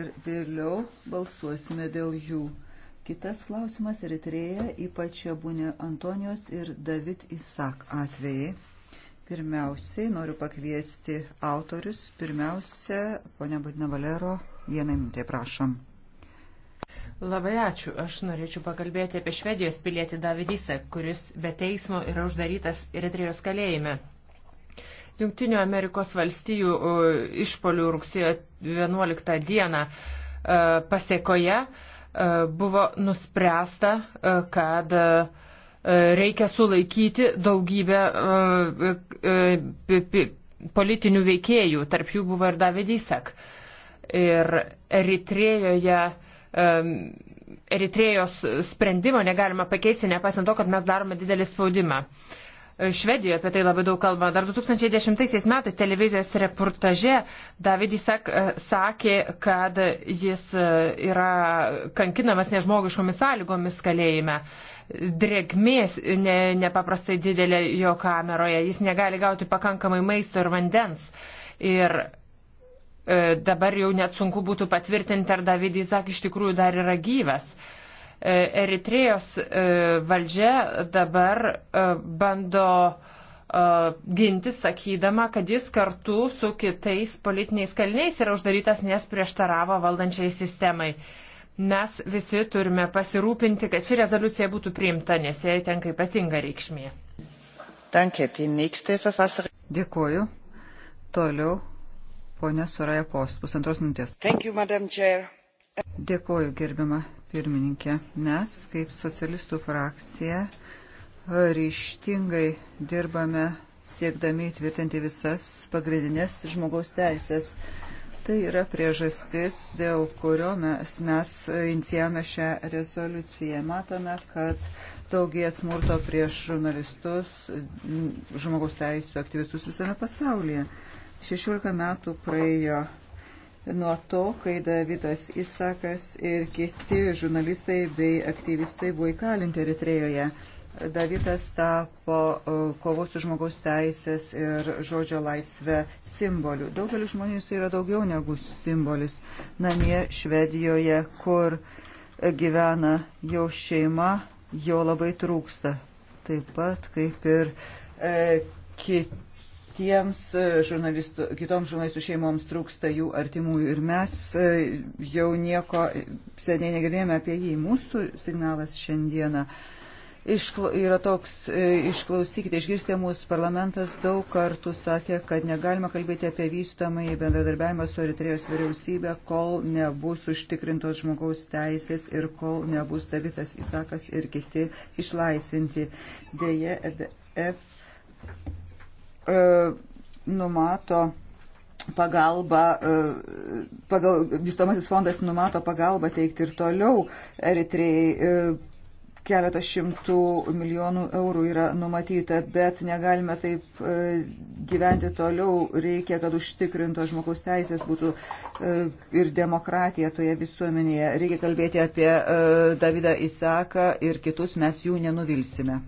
ir vėliau balsuosime dėl jų. Kitas klausimas - Eritreja, ypač Abūnė Antonijos ir David Isak atvejai. Pirmiausiai noriu pakviesti autorius. Pirmiausia, ponia Badina Valero, vieną minutę prašom. Labai ačiū. Aš norėčiau pakalbėti apie Švedijos pilietį David Isak, kuris be teismo yra uždarytas Eritrejos kalėjime. Junktinių Amerikos valstijų išpolių rugsėjo 11 dieną e, pasiekoje e, buvo nuspręsta, e, kad reikia sulaikyti daugybę politinių veikėjų, tarp jų buvo ir Davidysak. Ir Eritrėjoje, Eritrėjos sprendimo negalima pakeisti, nepaisant to, kad mes darome didelį spaudimą. Uh, Švedijoje apie tai labai daug kalba. Dar 2010 metais televizijos reportaže David Isak e, sakė, kad jis e, yra kankinamas nežmogiškomis sąlygomis kalėjime. Dregmės ne, nepaprastai didelė jo kameroje. Jis negali gauti pakankamai maisto ir vandens. Ir e, dabar jau net sunku būtų patvirtinti, ar David Isak iš tikrųjų dar yra gyvas. E, E, Eritrėjos e, valdžia dabar e, bando ginti, sakydama, kad jis kartu su kitais politiniais kaliniais yra uždarytas, nes prieštaravo valdančiai sistemai. Mes visi turime pasirūpinti, kad ši rezoliucija būtų priimta, nes jai tenka ypatinga reikšmė. Dėkuoju. Toliau, ponė Soraja Post, pusantros minutės. Dėkuoju, gerbima pirmininkė. Mes, kaip socialistų frakcija, e, ryštingai dirbame siekdami įtvirtinti visas pagrindinės žmogaus teisės. Tai yra priežastis, dėl kurio mes, mes inicijame šią rezoliuciją. Matome, kad daugėja smurto prieš žurnalistus, žmogaus teisų aktyvistus visame pasaulyje. 16 metų praėjo nuo to, kai Davidas Isakas ir kiti žurnalistai bei aktyvistai buvo įkalinti Eritrejoje. Davidas tapo kovos už žmogaus teisės ir žodžio laisvę simboliu. Daugelis žmonių jis yra daugiau negu simbolis. Namie Švedijoje, kur gyvena jo šeima, jo labai trūksta. Taip pat kaip ir e, kiti Tiems e, žurnalistų, kitoms žurnalistų šeimoms trūksta jų artimųjų ir mes e, jau nieko seniai negalėjome apie jį. Mūsų signalas šiandieną iškla, yra toks, e, išklausykite, išgirstė mūsų parlamentas daug kartų sakė, kad negalima kalbėti apie vystomą į bendradarbiavimą su Eritrejos vyriausybė, kol nebus užtikrintos žmogaus teisės ir kol nebus Davitas Isakas ir kiti išlaisvinti. Deja, EDF E, numato pagalba, e, pagal, vystomasis fondas numato pagalbą teikti ir toliau Eritrejai. E, Keletas šimtų milijonų eurų yra numatyta, bet negalime taip gyventi toliau. Reikia, kad užtikrinto žmogaus teisės būtų ir demokratija toje visuomenėje. Reikia kalbėti apie Davidą Isaką ir kitus, mes jų nenuvilsime.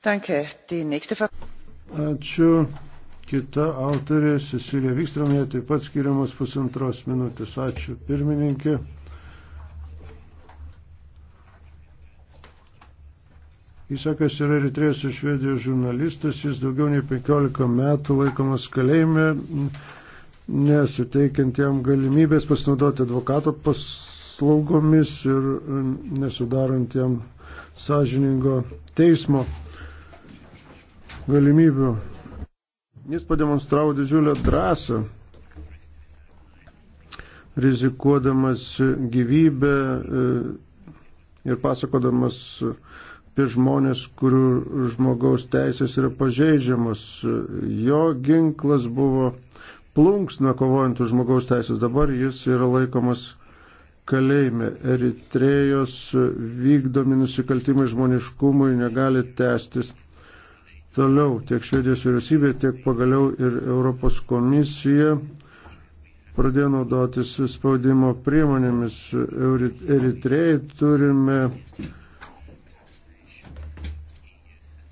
Danke. Die nächste Ačiū. Kita autorė Cecilija Vikstromė taip pat skiriamas pusantros minutės. Ačiū pirmininkė. Įsakas yra Eritrės ir Švedijos žurnalistas, jis daugiau nei 15 metų laikomas kalėjime, nesuteikiant jam galimybės pasinaudoti advokato paslaugomis ir nesudarant jam sąžiningo teismo galimybių. Jis pademonstravo didžiulę drąsą, rizikuodamas gyvybę e, ir pasakodamas apie žmonės, kurių žmogaus teisės yra pažeidžiamas. Jo ginklas buvo plunksna kovojant už žmogaus teisės. Dabar jis yra laikomas kalėjime. Eritrėjos vykdomi nusikaltimai žmoniškumui negali tęstis. Toliau tiek Švedijos vyriausybė, tiek pagaliau ir Europos komisija pradėjo naudotis spaudimo priemonėmis. Eritrejai turime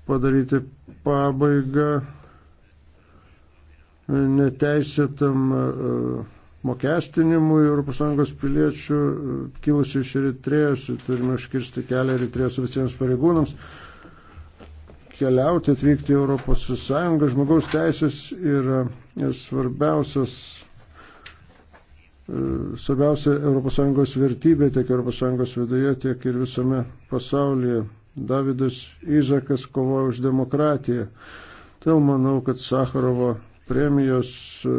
padaryti pabaigą neteisėtam e, mokestinimui ES piliečių e, kilusių iš Eritrejos. Turime iškirsti kelią Eritrejos visiems pareigūnams keliauti, atvykti į Europos Sąjungą. Žmogaus teisės yra svarbiausias, e, svarbiausia Europos Sąjungos vertybė tiek Europos Sąjungos viduje, tiek ir visame pasaulyje. Davidas Izakas kovoja už demokratiją. Todėl manau, kad Sakarovo premijos e,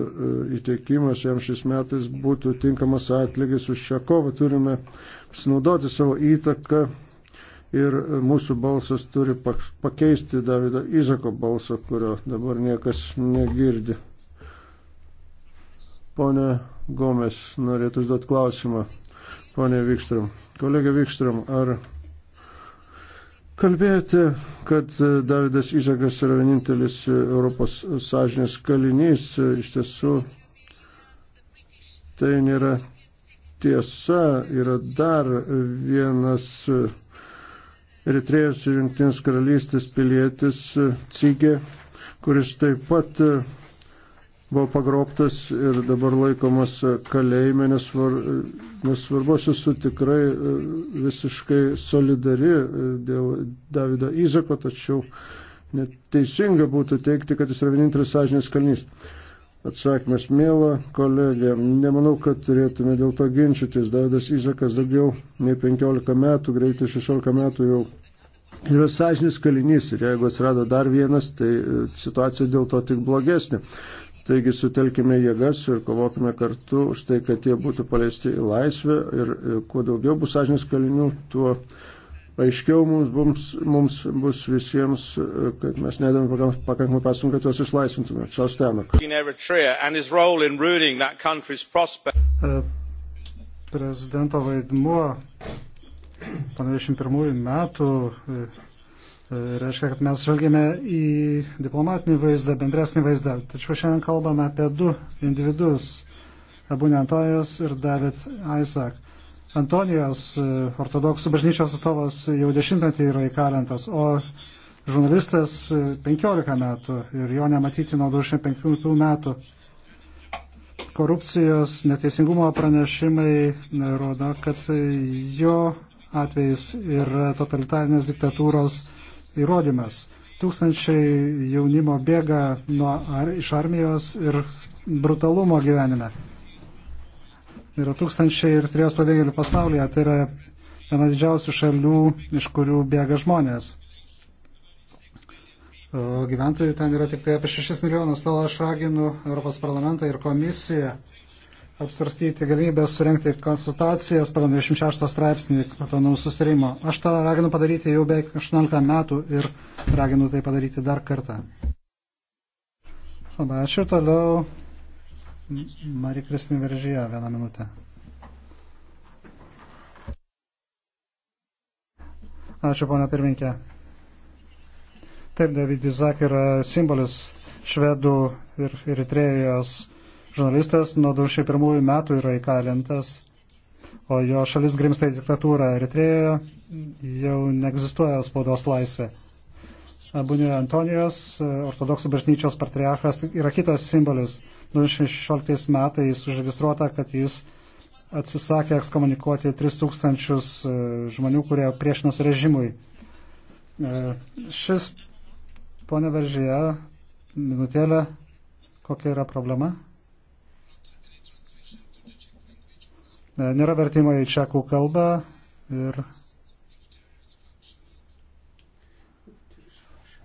įteikimas jam šis metais būtų tinkamas atlygis už šią kovą. Turime pasinaudoti savo įtaką ir mūsų balsas turi pakeisti Davido Izako balsą, kurio dabar niekas negirdi. Pone Gomes, norėtų užduoti klausimą. Pone Vikstram. Kolega Vikstram, ar kalbėjote, kad Davidas Izakas yra vienintelis Europos sąžinės kalinys? Iš tiesų, tai nėra tiesa. Yra dar vienas Eritrėjos ir Junktinės karalystės pilietis e, Cygė, kuris taip pat e, buvo pagrobtas ir dabar laikomas e, kalėjime, nesvar, nesvarbu, aš esu tikrai visiškai solidari dėl Davido Izako, tačiau neteisinga būtų teikti, kad jis yra vienintelis sąžinės kalnys. Atsakymas, mėla kolegė, nemanau, kad turėtume dėl to ginčytis. Davidas Izakas daugiau nei 15 metų, greitai 16 metų jau yra sąžinis kalinys ir jeigu atsirado dar vienas, tai e, situacija dėl to tik blogesnė. Taigi sutelkime jėgas ir kovokime kartu už tai, kad jie būtų paleisti į laisvę ir e, kuo daugiau bus sąžinės kalinių, tuo aiškiau mums, mums, mums bus visiems, e, kad mes nedame pakankamai pastangų, kad juos išlaisvintume. Šios tenok. E, prezidento vaidmuo po 91 metų e, reiškia, kad mes žvelgėme į diplomatinį vaizdą, bendresnį vaizdą. Tačiau šiandien kalbame apie du individus, Abu Netojus ir David Isaac. Antonijos e, ortodoksų bažnyčios atstovas jau dešimtmetį yra įkalintas, o žurnalistas 15 e, metų ir jo nematyti nuo 25 metų. Korupcijos neteisingumo pranešimai e, rodo, kad jo atvejis yra totalitarinės diktatūros įrodymas. Tūkstančiai jaunimo bėga nuo, ar, iš armijos ir brutalumo gyvenime yra tūkstančiai ir trijos pabėgėlių pasaulyje. Tai yra viena didžiausių šalių, iš kurių bėga žmonės. O gyventojų ten yra tik tai apie 6 milijonus. Tol aš raginu Europos parlamentą ir komisiją apsvarstyti galimybę surenkti konsultacijas pagal 26 straipsnį patonų sustarimo. Aš tą raginu padaryti jau beveik 18 metų ir raginu tai padaryti dar kartą. Labai ačiū toliau. Marija Kristin Veržyje, vieną minutę. Ačiū, ponia pirminkė. Taip, David Izak yra simbolis švedų ir eritrėjos žurnalistas. Nuo 2001 metų yra įkalintas, o jo šalis grimsta į diktatūrą. Eritrėjoje jau neegzistuoja spaudos laisvė. Abunio Antonijos, ortodoksų bažnyčios patriarchas, yra kitas simbolis. 2016 metais užregistruota, kad jis atsisakė ekskomunikuoti 3000 e, žmonių, kurie priešinosi režimui. E, šis, ponė Veržyje, minutėlė, kokia yra problema? E, nėra vertimo į čekų kalbą ir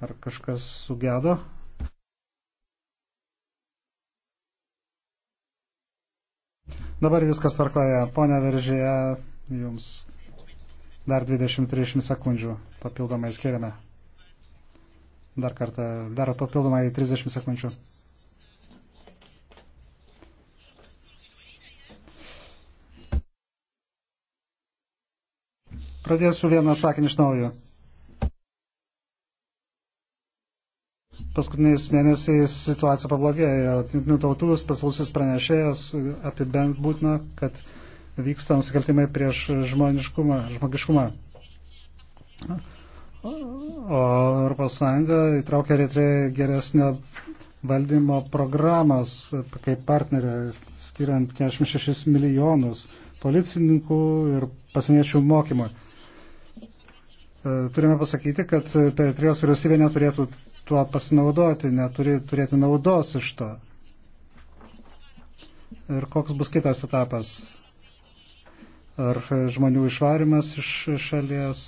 ar kažkas sugedo. Dabar viskas tvarkoja. Pone Veržėje, jums dar 20-30 sekundžių papildomai skiriame. Dar kartą, dar papildomai 30 sekundžių. Pradėsiu vieną sakinį iš naujo. paskutiniais mėnesiais situacija pablogėjo. Junktinių tautų specialusis pranešėjas apibendrina, kad vyksta nusikaltimai prieš žmoniškumą, žmogiškumą. O ES įtraukė Eritreją geresnio valdymo programos kaip partnerė, skiriant 46 milijonus policininkų ir pasieniečių mokymui. E, turime pasakyti, kad Eritrijos vyriausybė neturėtų tuo pasinaudoti, neturi turėti naudos iš to. Ir koks bus kitas etapas? Ar žmonių išvarimas iš šalies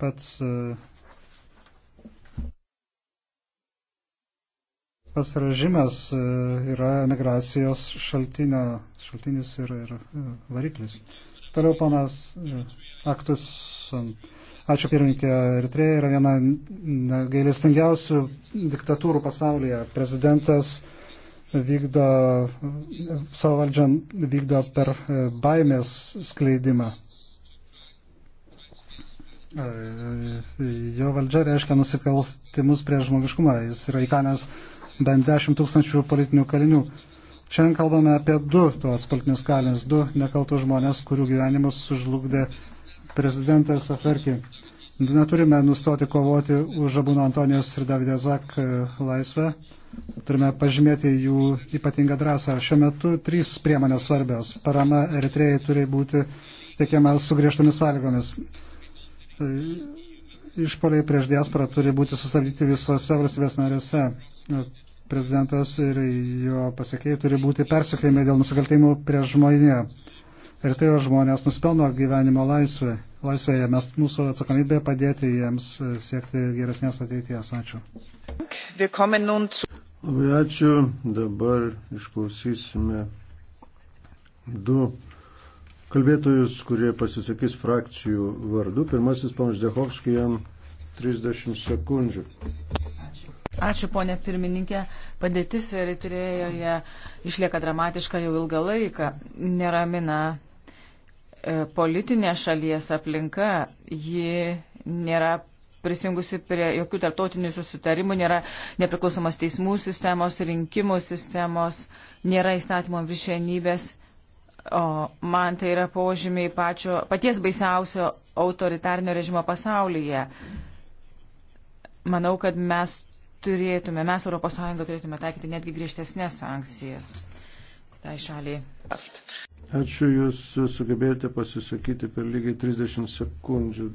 pats, e, pats režimas e, yra migracijos šaltinio, šaltinis ir, ir variklis. Toliau panas Aktus. Ačiū pirmininkė. Eritreja yra viena gailestingiausių diktatūrų pasaulyje. Prezidentas vykdo savo valdžią vykdo per e, baimės skleidimą. E, jo valdžia reiškia nusikaltimus prie žmogiškumą. Jis yra įkanęs bent 10 tūkstančių politinių kalinių. Šiandien kalbame apie du tuos politinius kalinius, du nekaltus žmonės, kurių gyvenimus sužlugdė prezidentas Aferki. Neturime nustoti kovoti už Abuno Antonijos ir Davidę Zak e, laisvę. Turime pažymėti jų ypatingą drąsą. Šiuo metu trys priemonės svarbios. Parama Eritrejai turi būti teikiama su griežtomis sąlygomis. E, išpoliai prieš diasporą turi būti sustabdyti visose valstybės narėse prezidentas ir jo pasiekiai turi būti persekėjami dėl nusikaltimų prieš žmonę. Ir tai jo žmonės nuspelno gyvenimo laisvė. laisvėje. Mes mūsų atsakomybė padėti jiems siekti geresnės ateities. Ačiū. Labai ačiū. Dabar išklausysime du kalbėtojus, kurie pasisakys frakcijų vardu. Pirmasis, panas Dehovskis, jam 30 sekundžių. Ačiū, ponė pirmininkė. Padėtis Eritrėjoje išlieka dramatiška jau ilgą laiką. Neramina e, politinė šalies aplinka. Ji nėra prisijungusi prie jokių tarptautinių susitarimų, nėra nepriklausomos teismų sistemos, rinkimų sistemos, nėra įstatymo viršenybės. O man tai yra požymiai pačio, paties baisiausio autoritarnio režimo pasaulyje. Manau, kad mes turėtume, mes ES turėtume taikyti netgi griežtesnės sankcijas tai šaliai. Ačiū, jūs sugebėjote pasisakyti per lygiai 30 sekundžių.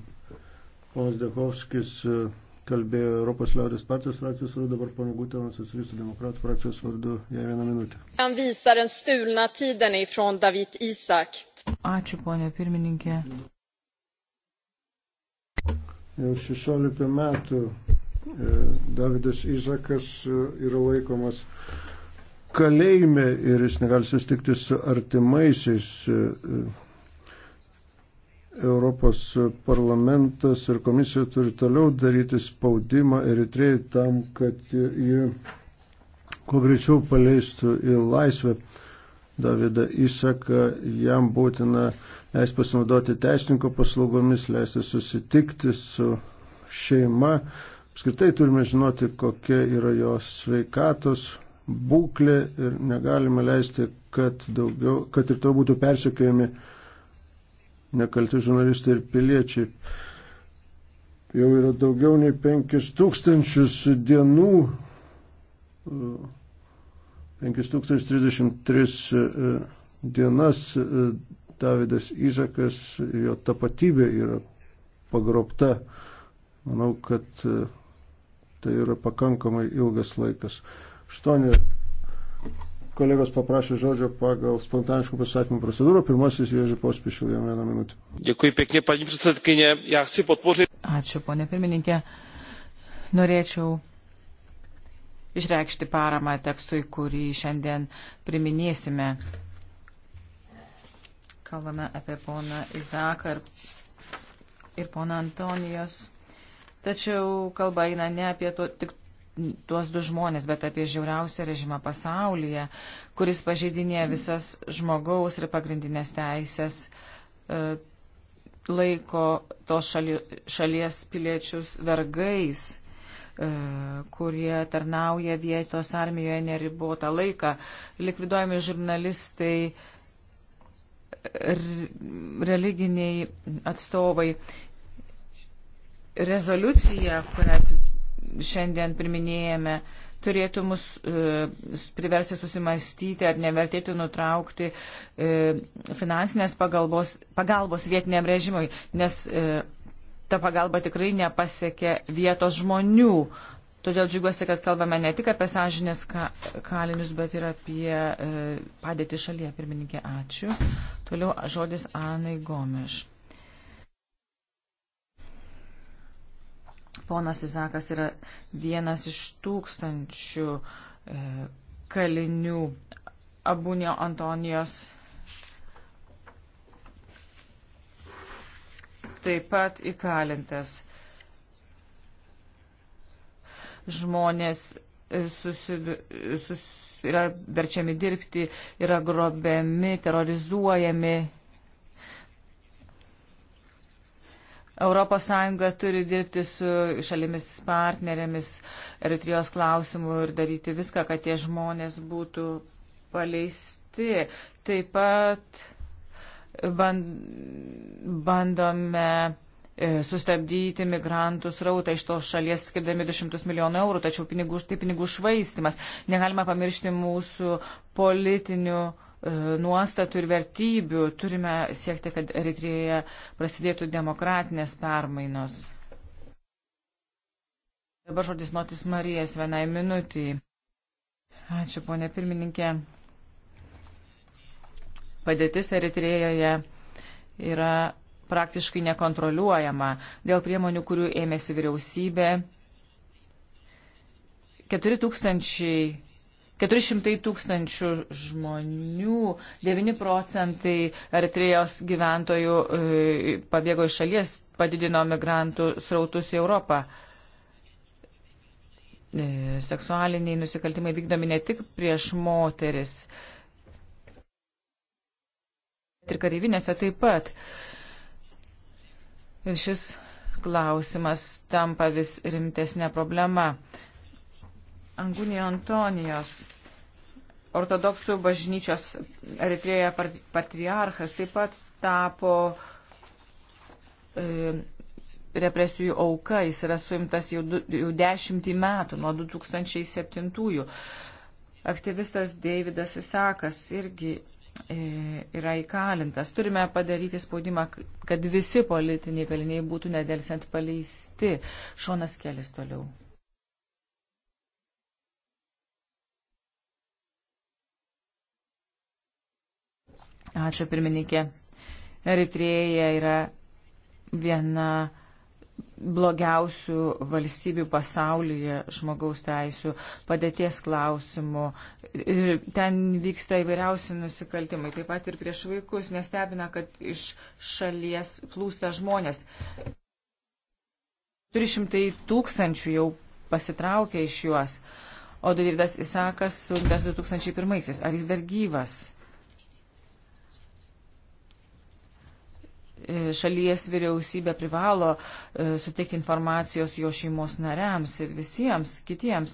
Ponas Dekovskis e, kalbėjo Europos liaudės partijos frakcijos vardu, dabar panagutėnas socialistų demokratų frakcijos vardu, jai vieną minutę. Ačiū, ponė pirmininkė. Jau 16 metų E, Davidas Izakas e, yra laikomas kalėjime ir jis negali susitikti su artimaisiais. E, Europos parlamentas ir komisija turi toliau daryti spaudimą Eritrėjai tam, kad ji kuo greičiau paleistų į laisvę. Davida įsaka, jam būtina leis pasinaudoti teisininko paslaugomis, leisti susitikti su šeima, Apskritai turime žinoti, kokia yra jos sveikatos būklė ir negalime leisti, kad, daugiau, kad ir to būtų persiekėjami nekalti žurnalistai ir piliečiai. Jau yra daugiau nei 5000 dienų, 5033 e, dienas e, Davidas Izakas, jo tapatybė yra pagrobta. Manau, kad e, Tai yra pakankamai ilgas laikas. Aštuoni kolegos paprašė žodžio pagal spontaniškų pasakymų procedūrą. Pirmasis Ježį Pospišil, jam vieną minutę. Dėkui, pėkė, pani prisatkinė. Jaksi podporžė. Ačiū, ponė pirmininkė. Norėčiau išreikšti paramą tekstui, kurį šiandien priminėsime. Kalbame apie poną Izaką ir, ir poną Antonijos Tačiau kalba eina ne apie to, tik tuos du žmonės, bet apie žiauriausią režimą pasaulyje, kuris pažeidinėja visas žmogaus ir pagrindinės teisės, e, laiko tos šali, šalies piliečius vergais, e, kurie tarnauja vietos armijoje neribotą laiką, likviduojami žurnalistai, religiniai atstovai rezoliucija, kurią šiandien priminėjame, turėtų mus e, priversti susimastyti, ar nevertėtų nutraukti e, finansinės pagalbos, pagalbos vietiniam režimui, nes e, ta pagalba tikrai nepasiekė vietos žmonių. Todėl džiugiuosi, kad kalbame ne tik apie sąžinės ka, kalinius, bet ir apie e, padėtį šalyje. Pirmininkė, ačiū. Toliau žodis Anai Gomeš. Ponas Izakas yra vienas iš tūkstančių e, kalinių Abunio Antonijos. Taip pat įkalintas žmonės e, susidu, sus, yra verčiami dirbti, yra grobiami, terorizuojami ES turi dirbti su šalimis partnerėmis Eritrijos klausimų ir daryti viską, kad tie žmonės būtų paleisti. Taip pat bandome e, sustabdyti migrantų srautą iš tos šalies, skirdami 200 milijonų eurų, tačiau pinigų, tai pinigų švaistimas. Negalima pamiršti mūsų politinių uh, E, nuostatų ir vertybių. Turime siekti, kad Eritrijoje prasidėtų demokratinės permainos. Dabar žodis Notis Marijas vienai minutiai. Ačiū, ponė pirmininkė. Padėtis Eritrijoje yra praktiškai nekontroliuojama dėl priemonių, kurių ėmėsi vyriausybė. 4000 400 tūkstančių žmonių, 9 procentai Eritrejos gyventojų e, pabėgo iš šalies, padidino migrantų srautus į Europą. E, seksualiniai nusikaltimai vykdomi ne tik prieš moteris, bet ir kareivinėse taip pat. Ir šis klausimas tampa vis rimtesnė problema. Angunio Antonijos ortodoksų bažnyčios Eritrėje patriarchas taip pat tapo e, represijų auka. Jis yra suimtas jau, du, jau dešimtį metų, nuo 2007-ųjų. Aktyvistas Davidas Isakas irgi e, yra įkalintas. Turime padaryti spaudimą, kad visi politiniai kaliniai būtų nedelsiant paleisti. Šonas Kelis toliau. Ačiū pirmininkė. Eritrėja yra viena blogiausių valstybių pasaulyje žmogaus teisų padėties klausimų. Ten vyksta įvairiausi nusikaltimai, taip pat ir prieš vaikus, nestebina, kad iš šalies plūsta žmonės. 300 tūkstančių jau pasitraukė iš juos, o Davidas Isakas sundas 2001. Ar jis dar gyvas? E, šalies vyriausybė privalo e, suteikti informacijos jo šeimos nariams ir visiems kitiems.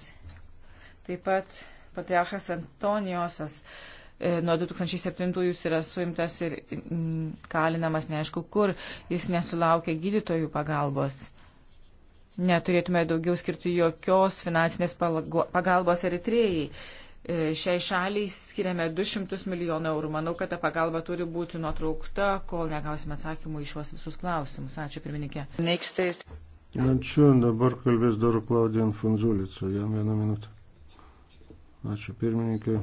Taip pat patriarchas Antonijosas e, nuo 2007 jis yra suimtas ir mm, kalinamas neaišku kur, jis nesulaukia gydytojų pagalbos. Neturėtume daugiau skirti jokios finansinės pagalbos Eritrėjai. Šiai šaliai skiriame 200 milijonų eurų. Manau, kad ta pagalba turi būti nutraukta, kol negausime atsakymų į šiuos visus klausimus. Ačiū, pirmininkė. Ačiū, dabar kalbės Doro Klaudijan Funzulica. Jam vieną minutę. Ačiū, pirmininkė.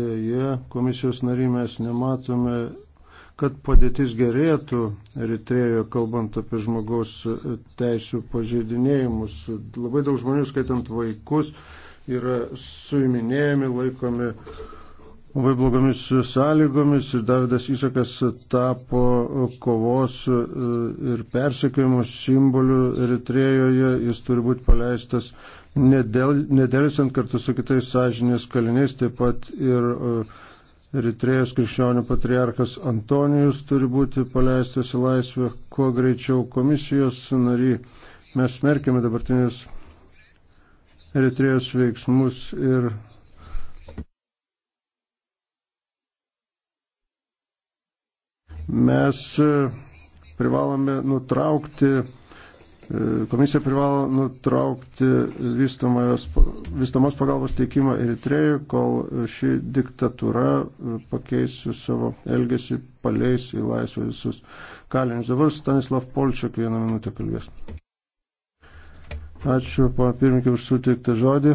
Deja, komisijos nariai mes nematome kad padėtis gerėtų Eritrėjoje, kalbant apie žmogaus teisų pažeidinėjimus. Labai daug žmonių, skaitant vaikus, yra suiminėjami, laikomi labai blogomis sąlygomis ir Davidas Įsakas tapo kovos e, ir persekiojimo simboliu Eritrėjoje. Jis turi būti paleistas nedėlisant kartu su kitais sąžinės kaliniais, taip pat ir e, Eritrėjos krikščionių patriarchas Antonijus turi būti paleistas į laisvę kuo greičiau komisijos nariai. Mes smerkime dabartinius Eritrėjos veiksmus ir mes e, privalome nutraukti, e, komisija privalo nutraukti vystamos pagalbos teikimą Eritrėjui, kol ši diktatūra e, pakeis savo elgesį, paleis į laisvę visus kalinius. Dabar Stanislav Polčiak vieną minutę kalbės. Ačiū, papirminkė, už suteiktą žodį.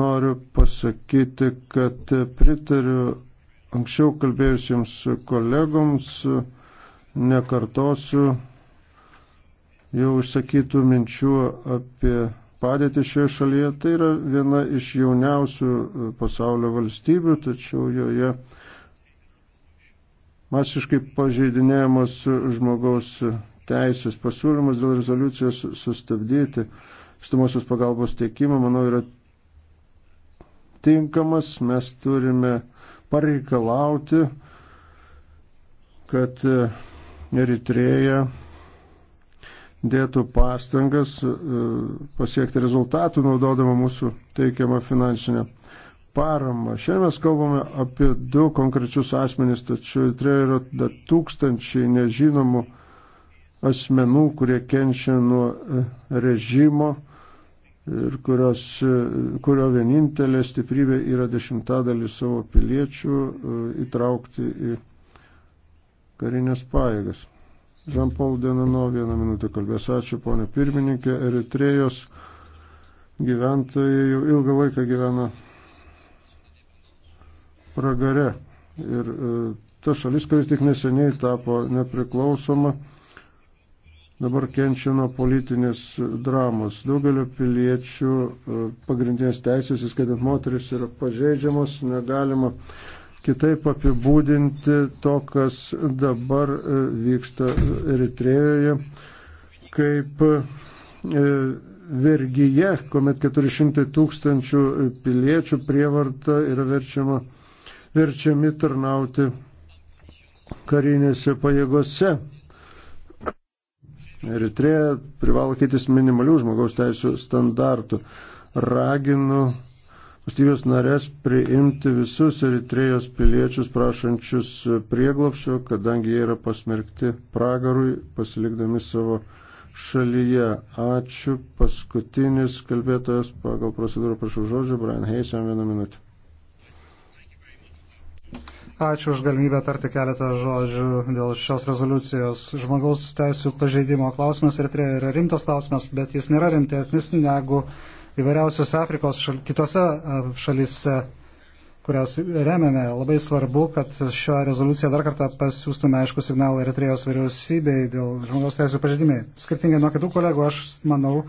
Noriu pasakyti, kad pritariu anksčiau kalbėjusiems kolegoms, nekartosiu jau užsakytų minčių apie padėtį šioje šalyje. Tai yra viena iš jauniausių pasaulio valstybių, tačiau joje masiškai pažeidinėjamos žmogaus teisės. Pasiūlymas dėl rezoliucijos sustabdyti stumosios pagalbos teikimą, manau, yra tinkamas. Mes turime pareikalauti, kad Eritreja dėtų pastangas e, pasiekti rezultatų naudodama mūsų teikiamą finansinę paramą. Šiandien mes kalbame apie du konkrečius asmenys, tačiau Eritreja yra dar tūkstančiai nežinomų asmenų, kurie kenčia nuo e, režimo ir kurios, e, kurio vienintelė stiprybė yra dešimtadalį savo piliečių e, įtraukti į karinės paėgas. Žampol Denano vieną minutę kalbės. Ačiū, ponė pirmininkė. Eritrėjos gyventojai jau ilgą laiką gyvena pragare. Ir ta šalis, kuris tik neseniai tapo nepriklausoma, dabar kenčia nuo politinės dramos. Daugelio piliečių e, pagrindinės teisės, įskaitant moteris, yra pažeidžiamos, negalima kitaip apibūdinti to, kas dabar e, vyksta Eritrejoje, kaip e, vergyje, kuomet 400 tūkstančių piliečių prievarta yra verčiama, verčiami tarnauti karinėse pajėgose. Eritreja privalo keitis minimalių žmogaus teisų standartų. Raginu valstybės narės priimti visus Eritrejos piliečius prašančius prieglopšio, kadangi jie yra pasmerkti pragarui, pasilikdami savo šalyje. Ačiū. Paskutinis kalbėtojas pagal procedūrą prašau žodžio, Brian Heisam, vieną minutę. Ačiū už galimybę tarti keletą žodžių dėl šios rezoliucijos. Žmogaus teisų pažeidimo klausimas ir tai yra rimtas klausimas, bet jis nėra rimtesnis negu įvairiausios Afrikos šal, kitose šalyse, kurias remiame. Labai svarbu, kad šią rezoliuciją dar kartą pasiūstume aišku signalą Eritrejos vyriausybei dėl žmogaus teisų pažeidimai. Skirtingai nuo kitų kolegų, aš manau,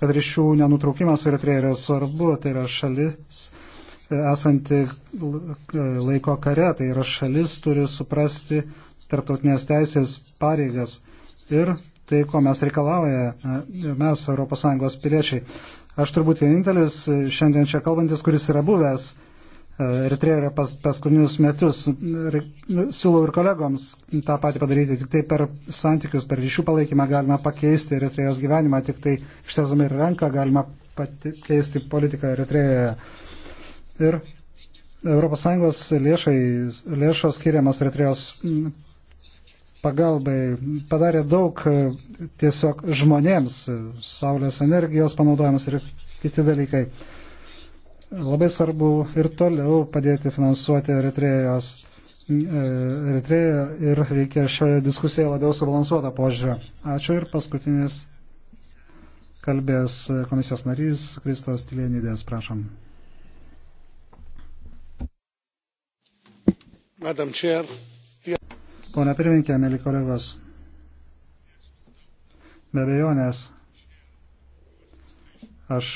kad ryšių nenutraukimas su Eritreja yra svarbu. Tai yra šalis esanti laiko kare, tai yra šalis turi suprasti tarptautinės teisės pareigas ir tai, ko mes reikalaujame, mes, ES piliečiai. Aš turbūt vienintelis e, šiandien čia kalbantis, kuris yra buvęs e, Eritrėje pas, paskutinius metus. Siūlau ir kolegoms tą patį padaryti, tik tai per santykius, per ryšių palaikymą galima pakeisti Eritrėjos gyvenimą, tik tai ištesami ir ranką galima pakeisti politiką Eritrėje. Ir ES lėšai, lėšos skiriamos Eritrijos pagalbai padarė daug tiesiog žmonėms, saulės energijos panaudojimas ir kiti dalykai. Labai svarbu ir toliau padėti finansuoti Eritrėjos, Eritrėją ir reikia šioje diskusijoje labiau subalansuotą požiūrę. Ačiū ir paskutinis kalbės komisijos narys Kristos Tilienydės, prašom. Pone pirmininkė, mėly kolegos, be abejonės, aš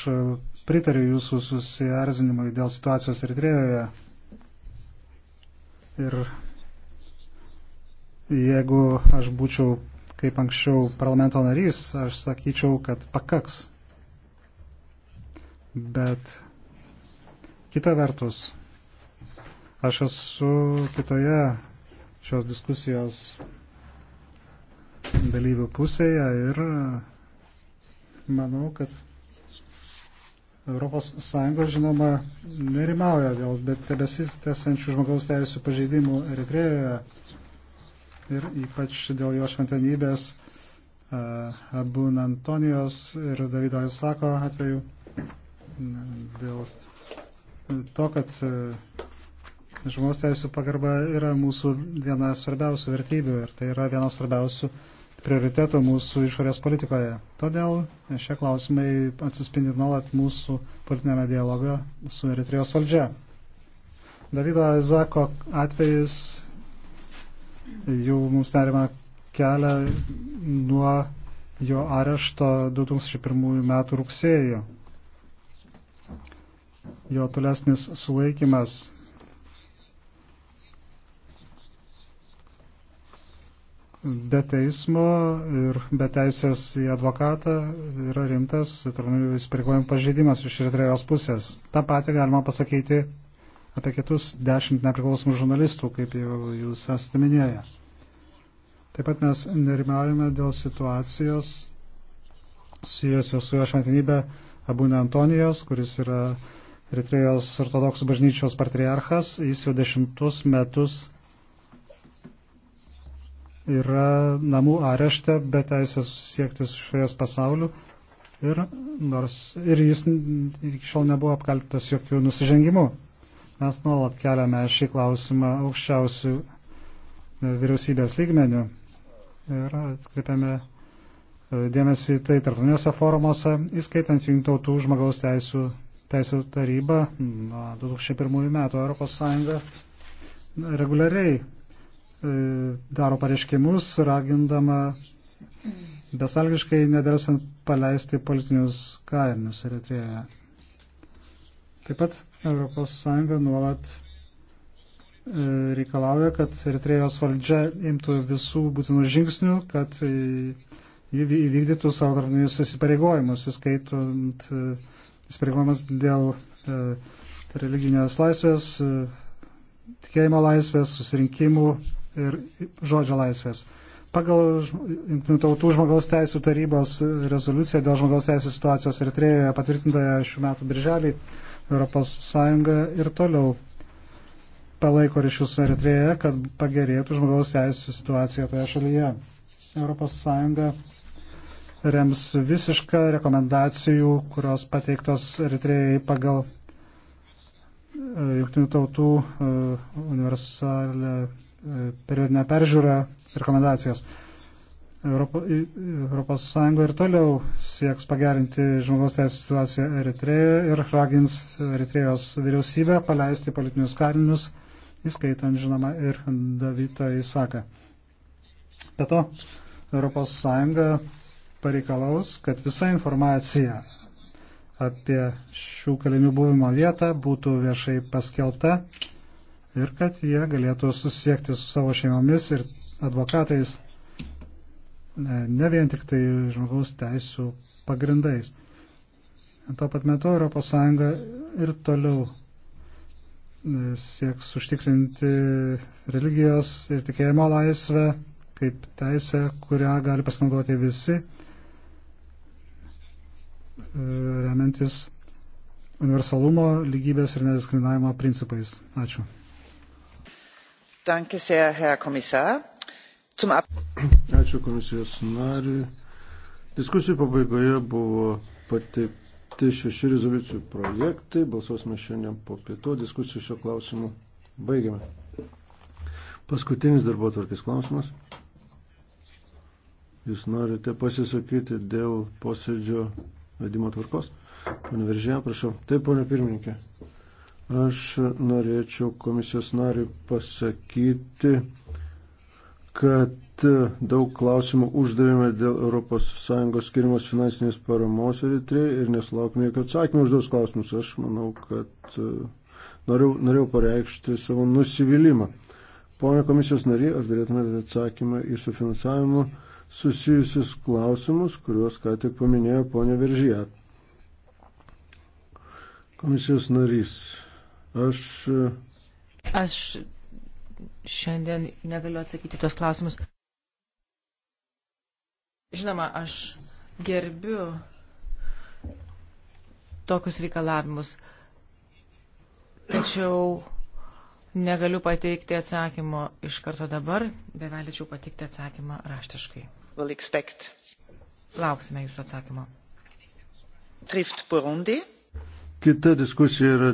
pritariu jūsų susiarzinimui dėl situacijos Eritrėjoje. Ir jeigu aš būčiau kaip anksčiau parlamento narys, aš sakyčiau, kad pakaks. Bet kita vertus, Aš esu kitoje šios diskusijos dalyvių pusėje ir manau, kad ES žinoma nerimauja dėl tebesitęsančių žmogaus teisų pažeidimų Eritrejoje ir ypač dėl jo šventenybės Abu Antonijos ir Davido Isako atveju dėl to, kad Žmogaus teisų pagarba yra mūsų viena svarbiausių vertybių ir tai yra viena svarbiausių prioritetų mūsų išorės politikoje. Todėl šie klausimai atsispindi nuolat mūsų politinėme dialoge su Eritrijos valdžia. Davido Izako atvejis jau mums nerima kelia nuo jo arešto 2001 m. rugsėjo. Jo tolesnis sulaikimas be teismo ir be teisės į advokatą yra rimtas tarptautinių įsipareigojimų pažeidimas iš Eritrejos pusės. Ta pati galima pasakyti apie kitus dešimt nepriklausomų žurnalistų, kaip jau jūs esate minėję. Taip pat mes nerimaujame dėl situacijos susijusios su jo šventinybė Abūne Antonijos, kuris yra Eritrejos ortodoksų bažnyčios patriarchas. Jis jau dešimtus metus yra namų arešte be teisės susisiekti su šalies pasauliu. Ir, nors, ir jis iki šiol nebuvo apkaltintas jokių nusižengimų. Mes nuolat keliame šį klausimą aukščiausių e, vyriausybės lygmenių ir atkreipiame e, dėmesį tai tarptautiniuose forumuose, įskaitant Junktinių tautų žmogaus teisų, teisų tarybą nuo 2001 metų Europos Sąjunga reguliariai E, daro pareiškimus, ragindama besalgiškai nedėlsant paleisti politinius kalinius Eritrėje. Taip pat ES nuolat e, reikalauja, kad Eritrėjos valdžia imtų visų būtinų žingsnių, kad e, įvykdytų savo tarpinius įsipareigojimus, įskaitant įsipareigojimas dėl religinės laisvės, tikėjimo laisvės, susirinkimų ir žodžio laisvės. Pagal Junktinių tautų žmogaus teisų tarybos rezoliuciją dėl žmogaus teisų situacijos Eritrejoje patvirtintoje šių metų birželį ES ir toliau palaiko ryšius su Eritreja, kad pagerėtų žmogaus teisų situacija toje šalyje. ES rems visišką rekomendacijų, kurios pateiktos Eritrejai pagal e, Junktinių tautų e, universalę periodinę peržiūrą rekomendacijas. Europo, Europos Sąjunga ir toliau sieks pagerinti žmogaus teisų situaciją Eritrejoje ir ragins Eritrejos vyriausybę paleisti politinius kalinius, įskaitant, žinoma, ir Davitą Isaką. Be to, Europos Sąjunga pareikalaus, kad visa informacija apie šių kalinių buvimo vietą būtų viešai paskelbta ir kad jie galėtų susisiekti su savo šeimomis ir advokatais ne vien tik tai žmogaus teisų pagrindais. Tuo pat metu ES ir toliau e, sieks užtikrinti religijos ir tikėjimo laisvę kaip teisę, kurią gali pasinaudoti visi, e, remiantis universalumo, lygybės ir nediskriminavimo principais. Ačiū. Danke sehr, Herr Kommissar. Zum Ab Ačiū komisijos nariui. Diskusijų pabaigoje buvo pateikti šeši rezoliucijų projektai. Balsuosime šiandien po pieto. Diskusijų šio klausimu baigiame. Paskutinis darbo tvarkės klausimas. Jūs norite pasisakyti dėl posėdžio vedimo tvarkos? Pane Viržė, prašau. Taip, ponė pirmininkė. Aš norėčiau komisijos nariui pasakyti, kad daug klausimų uždavėme dėl ES skiriamos finansinės paramos Eritrėjai ir nesulaukime jokio atsakymo užduos klausimus. Aš manau, kad e, norėjau, norėjau pareikšti savo nusivylimą. Pone komisijos nariai, ar galėtumėte atsakymą į su finansavimu susijusius klausimus, kuriuos ką tik paminėjo ponė Viržyje. Komisijos narys. Aš. Aš šiandien negaliu atsakyti tuos klausimus. Žinoma, aš gerbiu tokius reikalavimus, tačiau negaliu pateikti atsakymo iš karto dabar, bevelėčiau pateikti atsakymą raštiškai. We'll expect. Lauksime jūsų atsakymo. Trift Burundi. Kita diskusija yra